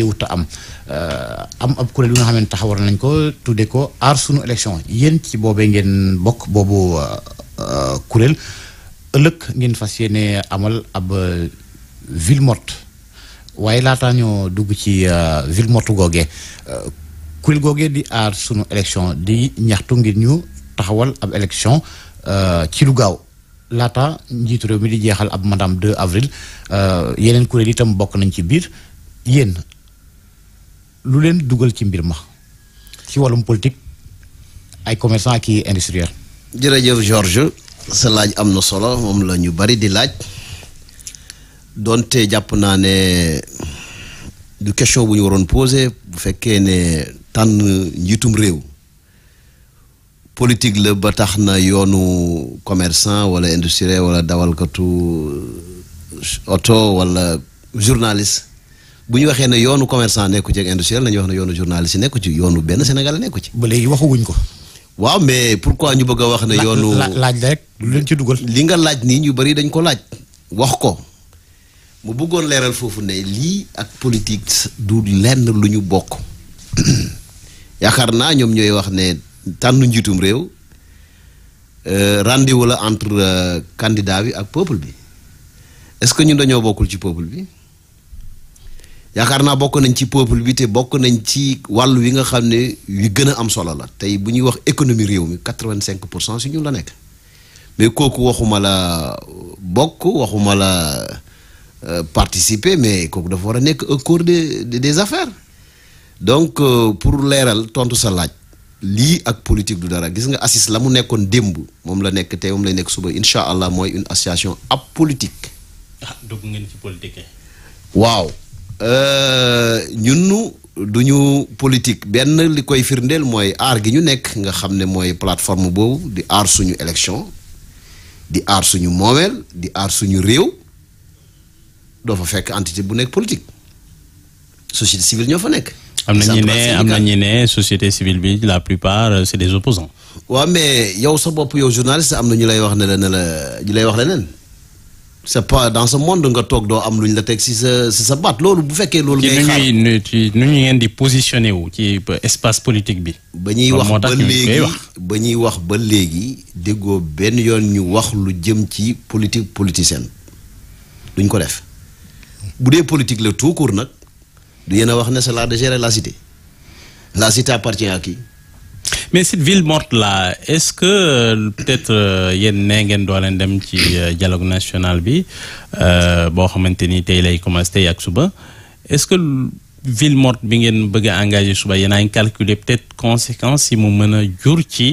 yëwut a am euh, am ab kuréel bi nga xamante taxawar nañ ko tudde ko aar sunu élection yéen ci boobee ngeen bokk boobu euh, kuréel ëllëg ngeen fas yéene amal ab euh, ville waaye laataa ñoo dugg ci ville morte googee kuréel googee di aar sunu élection di ñaxtu ngir ñu taxawal ab élection ci lu gaaw laata njiitu réew mi di jeexal ab madame 2 avril yeneen kuréel tam bokk nañ ci biir yéen lu leen dugal ci mbir ma ci wàllum politique ay commerçant ak i industriel. jërëjëf Georges sa laaj am na solo moom la ñu bari di laaj donte jàpp naa ne du question bu ñu waroon posé bu fekkee ne tànn njiitum réew politique la ba tax na yoonu commerçant wala industriel wala dawalkatu oto walla journaliste. bu ñu waxee ne yoonu commerçant nekku ci ak industriel nañu wax ne yoonu journaliste nekku ci yoonu benn Sénégal nekku ci. ba léegi waxuwuñ ko. waaw mais pourquoi ñu bëgg a wax ne. yoonu laaj rek lu leen ci dugal. li nga laaj nii ñu bari dañ ko laaj. wax ko mu bëggoon leeral foofu ne lii ak politique du lenn lu ñu bokk yaakaar naa ñoom ñooy wax ne tànn njiitum réew euh, rendez-vous la entre euh, candidat bi ak peuple bi est-ce que ñun dañoo bokkul ci peuple bi. yaakaar naa bokk nañ ci peuple bi te bokk nañ ci wàll wi nga xam ne yu gën a am solo la tey bu ñuy wax économie réew mi quatre-vingt-cinq pour cent si ñun la nekk mais kooku waxuma la bokk waxuma la euh, participer mais kooku dafa war a nekk au cours des des affaires donc euh, pour leeral tontu sa laaj lii ak politique du dara gis nga assis la mu nekkoon démb moom la nekk tey moom lay nekk suba incha allah mooy une association ab ah dugg ngeen ci politique. waaw. Euh, ñun du ñu politique benn li koy firndeel mooy aar gi ñu nekk nga xam ne mooy plateforme boobu di aar suñu élection di aar suñu moomeel di aar suñu réew doo fa fekk entité bu nekk politique société civile ñoo fa nekk. am na ñu ne am na ñu ne société civile bi la plupart euh, c'est des opposants waaw mais yow sa bopp yow journaliste am na ñu lay wax ne la ne la ñu lay wax leneen. c'est pas dans ce monde nga toog doo am lu ñu la teg si sa sa baat loolu bu fekkee loolu. ngay xaar ci nu ñuy ñu ngeen di positionné wu ci espace politique bi. ba ñuy wax ba léegi ba ñuy wax ba léegi déggoo benn yoon ñu wax lu jëm ci politique politicienne duñ ko def bu dee politique la tout court nag du yéen a wax ne c'est l'art de gérer la cité la cité appartient à qui mais cette ville morte là est-ce que euh, peut-être euh, yéen nee ngeen doo leen dem ci euh, dialogue nationale bi boo xamante ni tey lay commencé tey ak suba est-ce que ville morte bi ngeen bëgg a suba yéen a ngi calculer peut-être yi mu mën a jur ci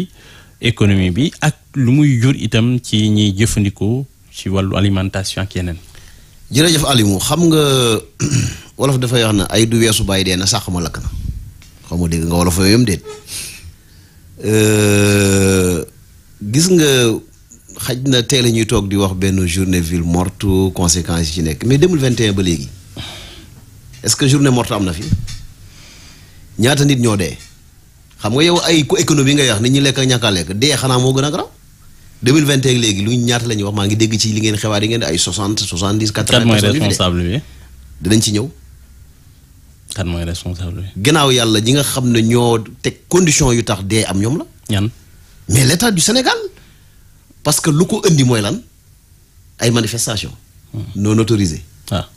économie bi ak lu muy jur itam ci ñiy jëfandikoo ci wàllu alimentation ak yeneen. jërëjëf Aliou xam nga wolof dafay wax na ay du weesu bàyyi dee na sax ma lakk na xaw ma dégg nga wolof yooyu yëpp déet. Euh, gis nga xaj na teel a ñuy toog di wax benn journée ville morte conséquences yi ci nekk mais vingtin ba léegi est-ce que journée morte am na fi ñaata nit ñoo dee xam nga yow ay ko économie ngay wax nit ñi lekk ak ñàkk a lekk dee xanaa moo gën a garaaw 2021 ak léegi lu ñaata la ñuy wax maa ngi dégg ci li ngeen xewaat yi ngeen di ay 60 70 80. personnes yu fi dee dinañ ci ñëw. kan mooy responsable bi. gannaaw yàlla ñi nga xam ne ñoo teg condition yu tax dee am ñoom la. ñan mais l' du Sénégal parce que lu ko indi mooy lan ay manifestation hmm. non autorisée. Ah.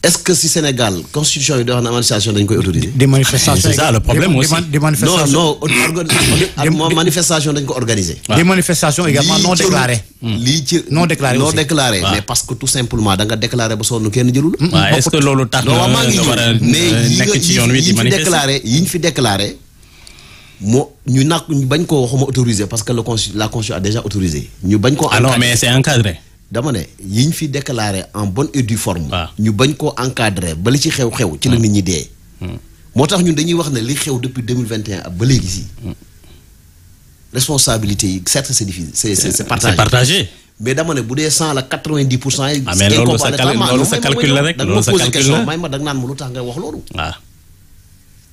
est-ce que si Sénégal constitution yi di wax ne manifestation dañ koy autoriser. des manifestations ah, c'est ça le problème aussi manifestation également non déclarées. Hmm. lii ci non déclarées non déclarées mais parce que tout simplement da nga déclaré ba sonn kenn jëlul. waaw hmm, est-ce que loolu tax na nga war a euh, nekk ci yoon yi ñu fi déclaré moo ñu nag bañ koo waxuma autorisé parce que le constitu la constitution a déjà autorisé ñu bañ koo. Ah encadré alors mais c'est dama ne ñu fi déclaré en bonne et due ah. ñu bañ koo encadré ba li ci xew-xew. ci la ah. nit ñi dee. Hmm. moo tax ñun dañuy wax ne li xew depuis deux mille vingt et un ba léegi si. Hmm. responsabilité yi certes c'est difficile c'est c'est partagé. mais dama ne bu dee cent la quatre vingt dix pour cent yi. Ah, mais loolu sa calcul loolu sa calcul la rek loolu sa calcul la may ma da nga naan ma lu tax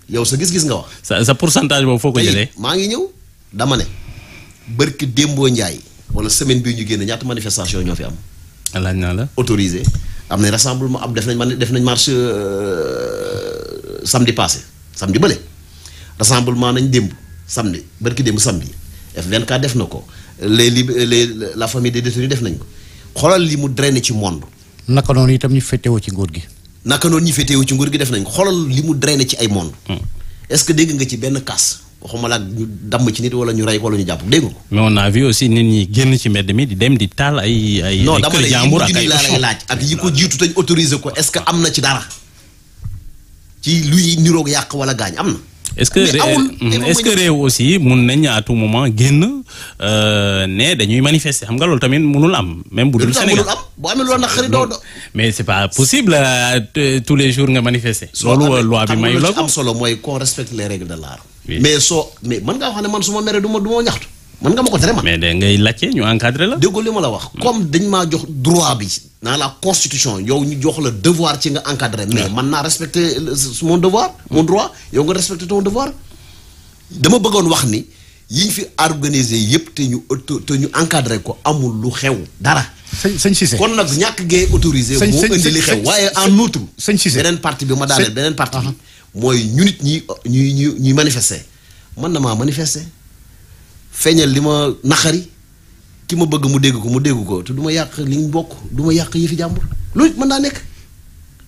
yow sa gis-gis nga wax. sa sa pourcentage boobu foo ko jëlee. maa ngi ñëw dama ne. barki Dembo Ndiaye. wala semaine bi ñu génn ñaata manifestation ñoo fi am. laaj naa la autorisé. am nañ rassemblement am def nañ man def nañ marche euh, samedi passé samedi bële rassemblement nañ démb samedi barki démb samedi F24 def na ko le lib les la famille des détenus def nañ ko xoolal li mu drainé ci monde. naka noonu tam ñu féetewoo ci nguur gi. naka noonu ñu féetewoo ci nguur gi def nañ ko xoolal li mu drainé ci ay monde. Hmm. est-ce que dégg nga ci benn casse. waxuma la ñu damm ci nit wala ñu rey ñu jàpp dégg a vu aussi nit ñi génn ci mbedd mi di dem di taal ay ay. non laaj ak yi ko ko est-ce que na ci dara ci luy niroog yàq wala gaañ am na. ce que est-ce que mm, réew aussi mun nañ à tout moment génn euh, ne dañuy manifester xam nga loolu tamit munul am. même bu dul Sénégal boo amee loolu nag xarit doo doo mais c'est pas possible euh, tous les jours nga manifester. loolu loi bi may la am solo mooy qu'on respecte les règles mais soo mais mën ngaa wax ne man su ma meree du ma du ma ñaxtu mën nga ma ko tere ma. mais de ngay laajte ñu encadré la. déggoo li ma la wax. Hmm. comme dañ maa jox droit bi. naa la constitution yow ñu jox la devoir ci nga encadré. mais man naa respecté mon devoir. Hmm. mon droit yow nga respecté ton devoir. dama bëggoon wax ni yiñ fi organisé yëpp te ñu te ñu encadré ko amul lu xew dara. sëñ sëñ Cissé kon nag ñàkk gee autorisé. sëñ sëñ moo indi li xew waaye en outre. sëñ Cissé beneen parti bi ma daaneel beneen parti bi. mooy ñu nit ñi ñu ñu ñu manifester man na maa manifester feeñal li ma naqari ki ma bëgg mu dégg ko mu dégg ko te du ma yàq li ñu bokk du ma yàq yëfi jàmbur loolu mën naa nekk.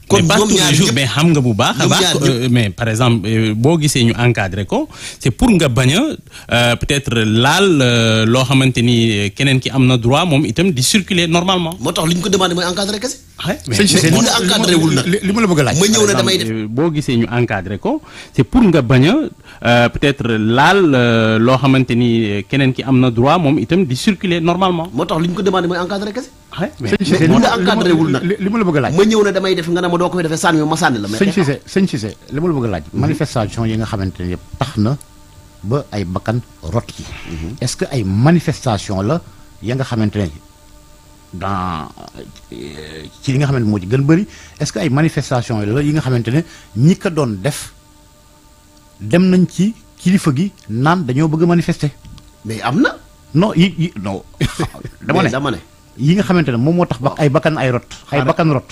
kon ñoom ñaar yëpp mais xam nga bu baax a euh, mais par exemple euh, boo gisee ñu encadré ko c'est pour nga bañ a euh, peut-être laal loo xamante ni keneen ki am na droit moom itam di circuler normalement. moo tax li ñu ko demandé mooy encadré kese. li nga wul nag li ma la bëgg a laaj ma ñëw boo gisee ñu encadré ko pour nga bañ a euh, peut-être laal euh, loo xamante ni euh, keneen ki am na droit moom itam di circuler normalement moo tax li ñu ko demandé mooy encadré kese li nga encadré wul nag li bëgg laaj ma ñëw ne damay def nga ne ma doo ko fi defee sànni ma sànni la sëñ Cissé sëñ Cissé li ma la mhm. yi nga xamante ne yëpp tax na ba ay bakkan rot yi mhm. est-ce que ay manifestation la ya nga xamante ne dans ci li nga xamante moo ci gën bëri est-ce que ay manifestation yi la yi nga xamante ne ñi ko doon def dem nañ ci kilifa gi naan dañoo bëgg manifeste manifester. mais am na. non yi yi non. dama ne yi nga xamante ne moom moo tax ba ay bakkan ay rot. ay bakkan rot.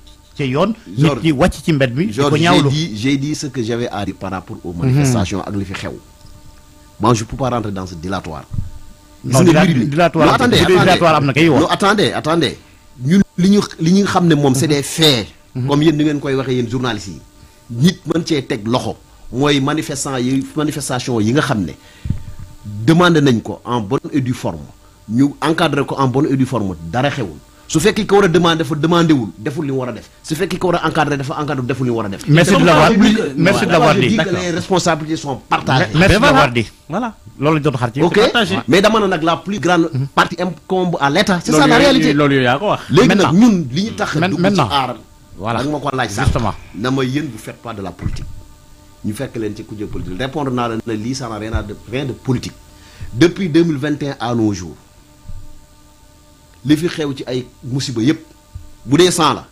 respecté yoon. nit ñi wàcc ci mbed mi. di ko ñaawlu j'ai dit j'ai dit ce que j'avais à dire par rapport aux manifestations ak li fi xew. moi je peux pas rentrer dans ce dilatoire. non dilatoire dilatoire am na kay non attendez attendez ñun li ñu li ñu xam ne moom c'est mhm. des faits. Mhm. comme yéen ni ngeen koy waxee yéen journalistes yi. nit mën cee teg loxo mooy manifestant yi manifestation yi nga xam ne demandé nañ ko en bonne et due forme ñu encadré ko en bonne et due forme dara xewul. su fekkee ko war a demandé dafa demandé wul deful li mu war a def su fekkee ko war a encadré dafa encadré deful li mu war a def. merci de l'avoir merci de l'avoir dit que les responsabilités sont partagées. merci de l'avoir dit voilà loolu la ñu doon xar ci. ok mais dama ne nag la plus grande mhm. partie incombe à l'État. c'est ça la réalité loolu yooyu yaa ko wax. léegi nag ñun li ñu tax a dugg ci aar. voilà da nga ma ko laaj sax na ma yéen bu faites pas de la politique. ñu fekk leen ci kujje politique répondre naa la ne lii ça n'a rien de rien de politique depuis 2021 à nos jours li fi xew ci ay musiba yëpp bu dee 100 la.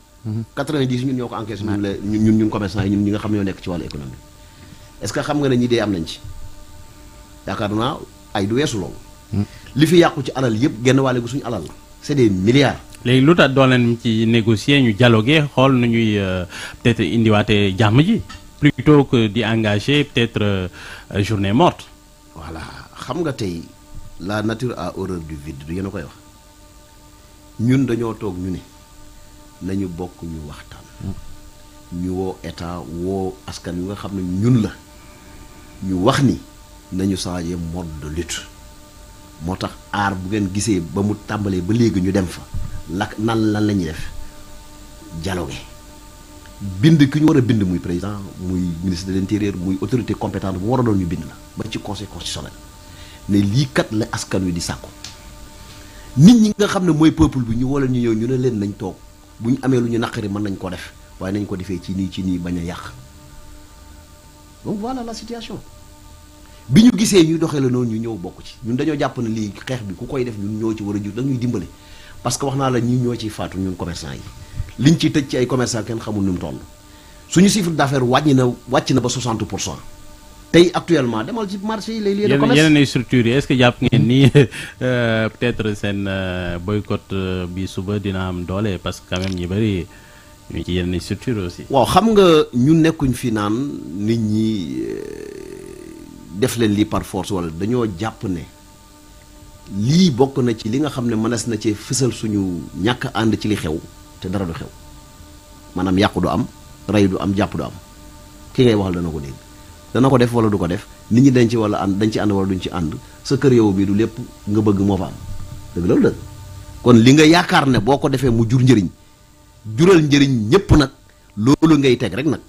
90 mhm. ñun ñoo ko encaissé. ñun la ñun ñun commerçant yi ñun ñi nga xam ñoo nekk ci wàllu économie. est-ce que xam nga ne ñi dee am nañ ci yaakaar naa ay du weesu loolu. Hmm. li fi yàqu ci alal yëpp genn wàlle gu suñu alal la c'est des milliards. léegi lu tax doon leen ci négocier ñu jalogee xool nu ñuy euh, peut indiwaate jàmm ji. plutôt que di engager peut-être euh, journée morte. voilà xam nga tey la nature a horreur du vide du yéen koy wax. ñun dañoo toog ñu ni nañu bokk ñu waxtaan ñu woo état woo askan yu nga xam ne ñun la ñu wax ni nañu changé mode de moo tax aar bu ngeen gisee ba mu tàmbalee ba léegi ñu dem fa lak nan lan la ñuy def dialogue bind ki ñu war a bind muy président muy ministre de l'intérieur muy autorité compétente bu war a doon ñu bind la ba ci conseil constitutionnel ne lii kat la askan wi di sàkku nit ñi nga xam ne mooy peuple bi ñu wala ñu ñëw ñu ne leen nañ toog bu ñu amee lu ñu naqari mën nañ ko def waaye nañ ko defee ci nii ci nii bañ a yàq donc voilà la situation bi ñu gisee ñuy doxee la noonu ñu ñëw bokk ci ñun dañoo jàpp ne lii xeex bi ku koy def ñun ñoo ci war a jur dañuy dimbale parce que wax naa la ñi ñoo ciy faatu ñun commerçant yi liñ ciy tëj ci ay commerçant kenn xamul nu mu toll suñu chiffre wàññi na wàcc na ba 60 pour cent tey actuellement demal ci marché yi les lieux de commerce yeneen ay structures yi est-ce que jàpp ngeen ni euh, peut-être seen euh, boycott euh, bi suba dina am doole parce que quand même ñi bëri ñu ci yeneen ay structures aussi. waaw xam nga ñu nekkuñ fi naan nit ñi def leen lii par force wala dañoo jàpp ne lii bokk na ci li nga xam ne mënees na cee fësal suñu ñàkk ànd ci li xew te dara du xew maanaam yàqu du am rey du am jàpp du am ki ngay waxal dana ko dégg. dana ko def wala du ko def nit ñi dañ ci wala ànd dañ ci ànd wala duñ ci ànd sa kër yow bi du lépp nga bëgg moo fa am dëgg loolu dëgg kon li nga yaakaar ne boo ko defee mu jur njëriñ jural njëriñ ñëpp nag loolu ngay teg rek nag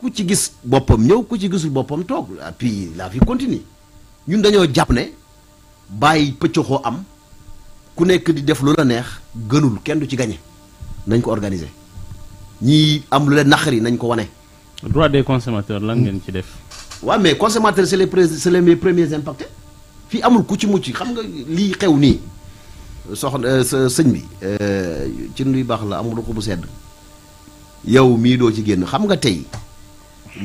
ku ci gis boppam ñëw ku ci gisul boppam toog et puis la vie continue ñun dañoo jàpp ne bàyyi pëccoxoo am ku nekk di def lu la neex gënul kenn du ci gañe nañ ko organiser ñii am lu leen naqari nañ ko wane. droit des consommateurs lan ngeen ci def. waaw mais consommateurs c'est les pré c'est les premiers impactés fii amul ku ci mucc xam nga lii xew nii soxna euh, sëñ bi. Euh, ci luy baax la amul ko bu sedd. yow mii doo ci génn xam nga tey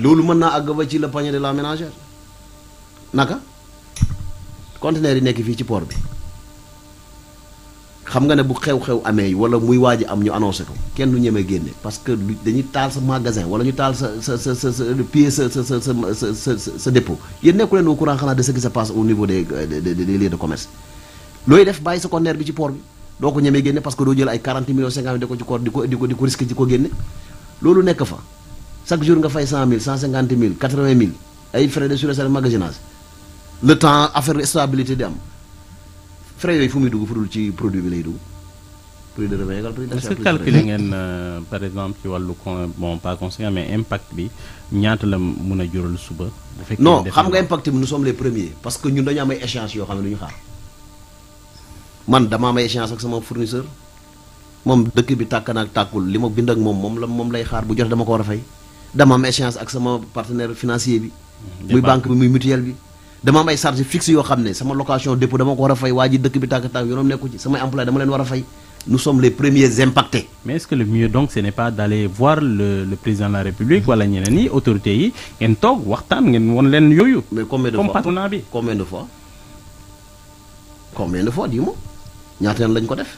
loolu mën naa àgg ba ci la panier de la ménagère naka conteneur yi nekk fii ci poor bi. xam nga ne bu xew-xew amee wala muy waaj am ñu annoncé ko kenn du ñemee génne parce que dañuy taal sa magasin wala ñu taal sa sa sa sa sa pied sa sa sa sa sa sa dépôt yéen nekku leen au courant xanaa de ce qui se passe au niveau des des lieux de commerce looy def bàyyi sa bi ci port bi doo ko ñemee génne parce que doo jël ay 40 millions 50 di ko ci koor di ko di ko di ko risqué di ko génne loolu nekk fa chaque jour nga fay 100000 150000 80000 ay frais de surestace magasinage le temps affaire stabilité di am frais yooyu fu muy dugg fu dul ci produit bi lay dugg. prix de revient égal ngeen euh, par exemple ci wàllu con bon pas conséquent mais impact bi ñaata la mun a jural suba. bu fekkee non xam nga impact bi nu sommes les premiers parce que ñun dañu am ay échéance yoo xam ne du ñu xaar man dama am ay échéance ak sama fournisseur moom dëkk bi tàkk naag tàkkul li ma bind ak moom moom la moom lay xaar bu jot dama ko war a fay dama am échéance ak sama partenaire financier bi. Mm-hmm. muy banque bi muy mutuelle bi. dama may sarge charge yoo xam ne sama location dépôt dama ko war a fay waa ji dëkk bi tàkk tàkk yoonam nekku ci samay employé dama leen war a fay nous sommes les premiers impactés. mais est-ce le mieux donc ce n'est pas d'aller voir le président de la république wala ñeneen yi autorités yi ngeen toog waxtaan ngeen won leen yooyu. mais combien de fois comme patronat bi. combien de fois combien de ñaata yoon lañ ko def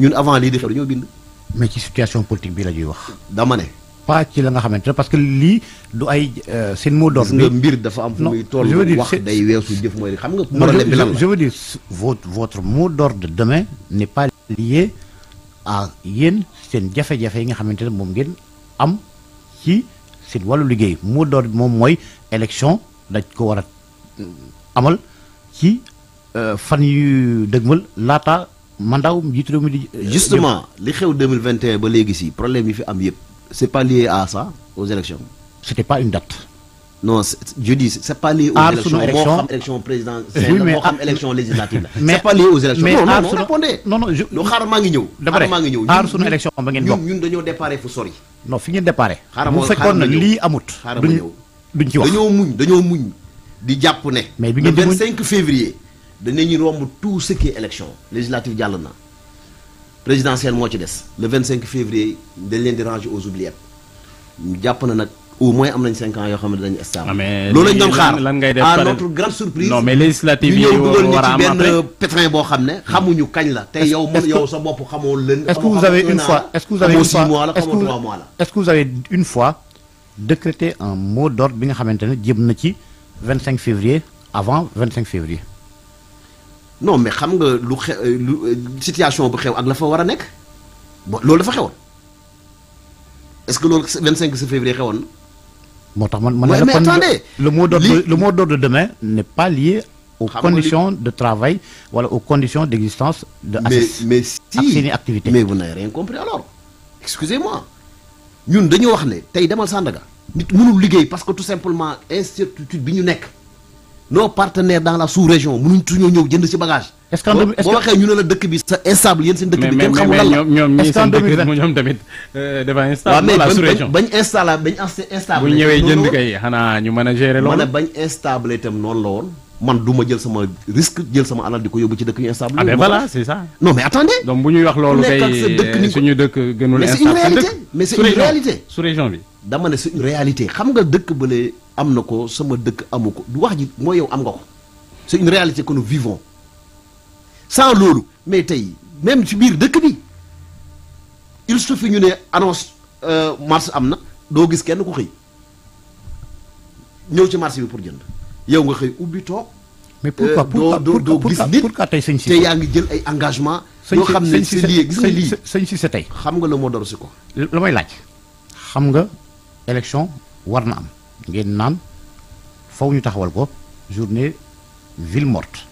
ñun avant lii di xew dañoo bind. mais ci situation politique bi la ñuy wax. dama ne. pas ci la nga xamante ne parce que lii du ay euh, seen moo d'ordre. gis nga mbir dafa am fu muy toll wax day weesu jëf mooy xam nga. problème bi lan la je veux dire votre votre mot d'ordre demain n'est seen jafe-jafe yi nga xamante ne moom ngeen am ci seen wallu liggéey mot d'ordre moom mooy élection dañ ko war a euh, amal ci euh, fan yu dëgmal laata mandat wu njiitu réew mi di. justement li xew 2021 ba léegi si problème yi fi am yëpp. c'est pas lié à ça aux élections. c'était pas une date. non je c'est pas lié. aar élection moo xam élection président. oui mais moo xam élection législative la. mais aar sunu non non non ngi ñëw. xaaral maa ngi ñëw aar sunu élection ba ngeen wax dañoo muñ dañoo muñ. di jàpp ne. mais bi ngeen di muñ le 25 février. danañu romb tout ce qui est élection législative jàll na. présidentielle moo ci des le 25 février dañ leen di ranger aux oubliettes jàpp na nag au moins am nañ 5 ans yoo xam ne dañu stable. loolu lañ doon xaar lan ngay def à notre grande surprise. non mais législative yi war a am après benn pétrin boo xam ne. xamuñu kañ la. tey yow moom yow sa bopp xamoo leen. est-ce que vous avez une fois est-ce que vous avez une fois est-ce que est-ce que vous avez une fois décrété un mot d'ordre bi nga xamante ne jëm na ci 25 février avant 25 février. non mais xam nga lu xe euh, lu euh, situation bu xew ak la fa war a nekk bon loolu dafa xewoon est-ce que loolu 25 février xewoon na. moo tax man man la mais attendez moo mot d'ordre le mot d'ordre de demain n'est pas lié. aux conditions de travail wala aux conditions d'existence de ACIS mais mais si ak seen i activités. mais vous n'avez rien compris alors. excusez-moi ñun dañoo wax ne tey demal Sandaga. nit mënul liggéey parce que tout simplement incertitude bi ñu nekk. nos partenaire dans la sous-région mënuñ tuñoo ñëw jënd ci bagage. est-ce que boo waxee ñu ne la dëkk bi sa instable yéen seen dëkk bi la ñoom ñii seen dëkk kay xanaa ñu mën a gérer loolu man du ma jël sama risque jël sama alal di ko yóbbu ci dëkk yu instable ah mais c'est ça non mais attendez bu ñuy wax loolu kay euh, suñu dëkk gënul instable mais c'est une réalité sous-région bi dama ne c'est une réalité xam nga dëkk bële am na ko sama dëkk amu ko du wax ji mooy yow am nga ko c'est une réalité que nous vivons sans loolu mais tey même ci biir dëkk bi il suffit ñu ne annonce euh, marche am na doo gis kenn ku xëy ñëw ci marché bi pour jënd yow nga xëy ubbi toog. mais pourquoi euh, pourquoi doo gis nit te yaa ngi jël ay engagement yoo xam ne c'est lié gis sëñ si sa tey xam nga la moo doon si ko la may laaj xam nga élection war na am ngeen naan faw ñu taxawal ko journée ville morte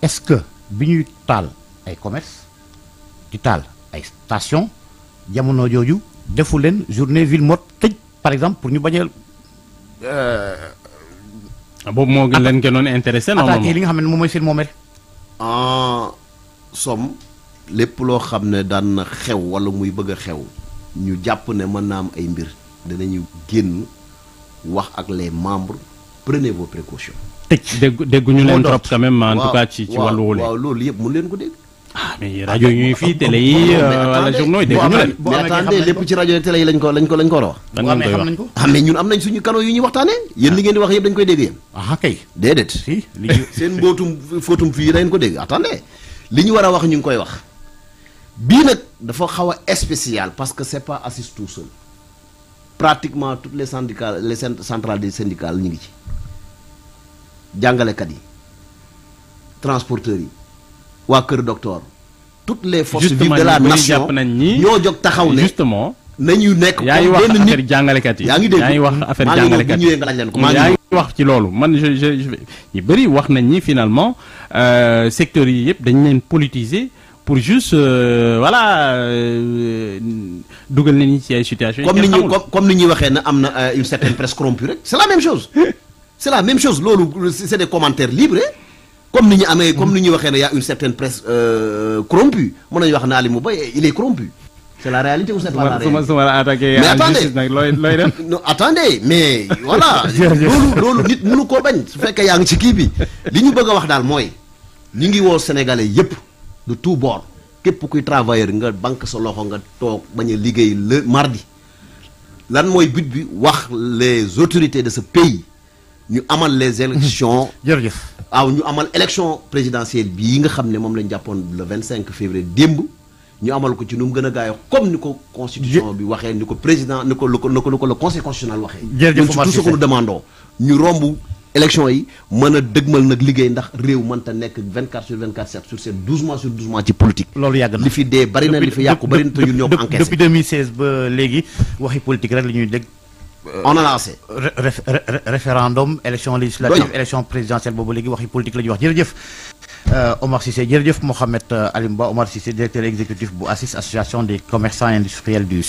est-ce que bi ñuy taal ay commerce di taal ay station jamono jooju defu leen journée ville morte tëj par exemple pour ñu bañ a. Euh, boobu moo gën leen gënoon intéressé. normalement attaqué nga xam ne moom mooy seen moomeel. en somme lépp loo xam ne daan na xew wala muy bëgg a xew ñu jàpp ne mën naa am ay mbir. ñu génn wax ak les membres prenez vos précautions. tëj dégg ñu leen trop quand même en tout cas ci ci wàllu wóole. waaw mun leen ko dégg. ah rajo yi ñuy fii télé yi euh, wala journaux yi dégguñu leen. boo lépp ci rajo yi télé yi lañ ko lañ ko lañ ko war a wax. lan ngeen koy wax ah ñun am nañ suñu canaux yu ñuy waxtaanee. yéen li ngeen di wax yëpp dañ koy dégg yéen. ah kay déedéet. seen mbootum fóotum fii dañ ko dégg attendez li ñu war a wax ñu ngi koy wax bii nag dafa xaw a spécial parce que c'est pas assis tout pratiquement toutes les syndicats les centrales des syndicats ñu ngi ci jàngalekat yi transporteurs yi waa Kër Docteur. toutes les forces vives de la nation ñoo jóg taxaw ne justement nañu nekk comme benn nit jàngalekat yi yaa ngi dégg yaa ngi wax affaire jàngalekat yi nga laaj leen ko yaa ngi wax ci loolu man je je ñu bëri wax nañ ñi finalement euh, secteurs yi yëpp dañ leen politiser. pour juste euh, voilà euh, dugal nañu ci ay situations. comme ni ñu comme ni ñuy waxee na am na euh, une certaine presse corrompue rek c'est la même chose. c'est la même chose loolu c'est des commentaires libres comme ni ñu amee comme ni ñuy waxee ne y a une certaine presse corrompue mën ñu wax naa li mu ba il est corrompu c'est la réalité ou c'est pas la réalité mais attendez non attendez mais loolu loolu nit mënu yaa ngi ci kii bi li ñu bëgg a wax daal mooy ñu ngi woo sénégalais yépp de tout bord képp kuy travailleur nga banque sa loxo nga toog bañ a liggéey le mardi lan mooy but bi wax les autorités de ce pays ñu amal les élections jërëjëf waaw ñu amal élection présidentielle bii nga xam ne moom lañ jàppoon le 25 février démb ñu amal ko ci nu mu gën a gaayo comme ni ko constitution bi waxee ni ko président ni ko lu ko ni ko la conseil constitutionnel waxee jërëjëf tout ce que nous demandons ñu romb élection yi mën a dëgmal nag liggéey ndax réew mënta nekk 24 sur 24 7 sur 7 12 mois sur 12 mois ci politique. loolu yàgg na li fi dee bari na li fi yàqu bari na te ñun ñoo depuis 2016 léegi waxi politique rek la ñuy dégg. Euh, on a lancé. référendum élection législative élection présidentielle boobu léegi waxi politique la ñuy wax jërëjëf. Euh, Omar Cissé jërëjëf Mohamed euh, Alimba Omar Cissé directeur exécutif bu ACIS association des commerçants industriels du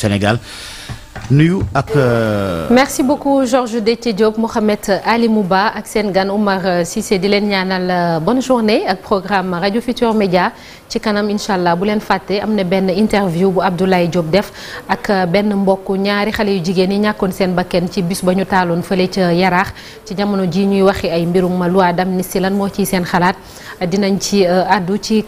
nuyu ak. Euh, merci beaucoup de Détié Diop Mouhamed Ali Mouba ak seen gan Oumar euh, Cissé di leen ñaanal euh, bonne journée ak programme rajo Futur Média ci kanam incha allah bu leen fàtte am na benn interview bu Abdoulaye Diop def ak benn mbokk ñaari xale yu jigéen yi ñàkkoon seen bakken ci bis ba ñu taaloon fële ca Yaraax ci jamono ji ñuy waxi ay mbirum loi d'amnistie lan moo ciy seen xalaat dinañ ci àddu ci.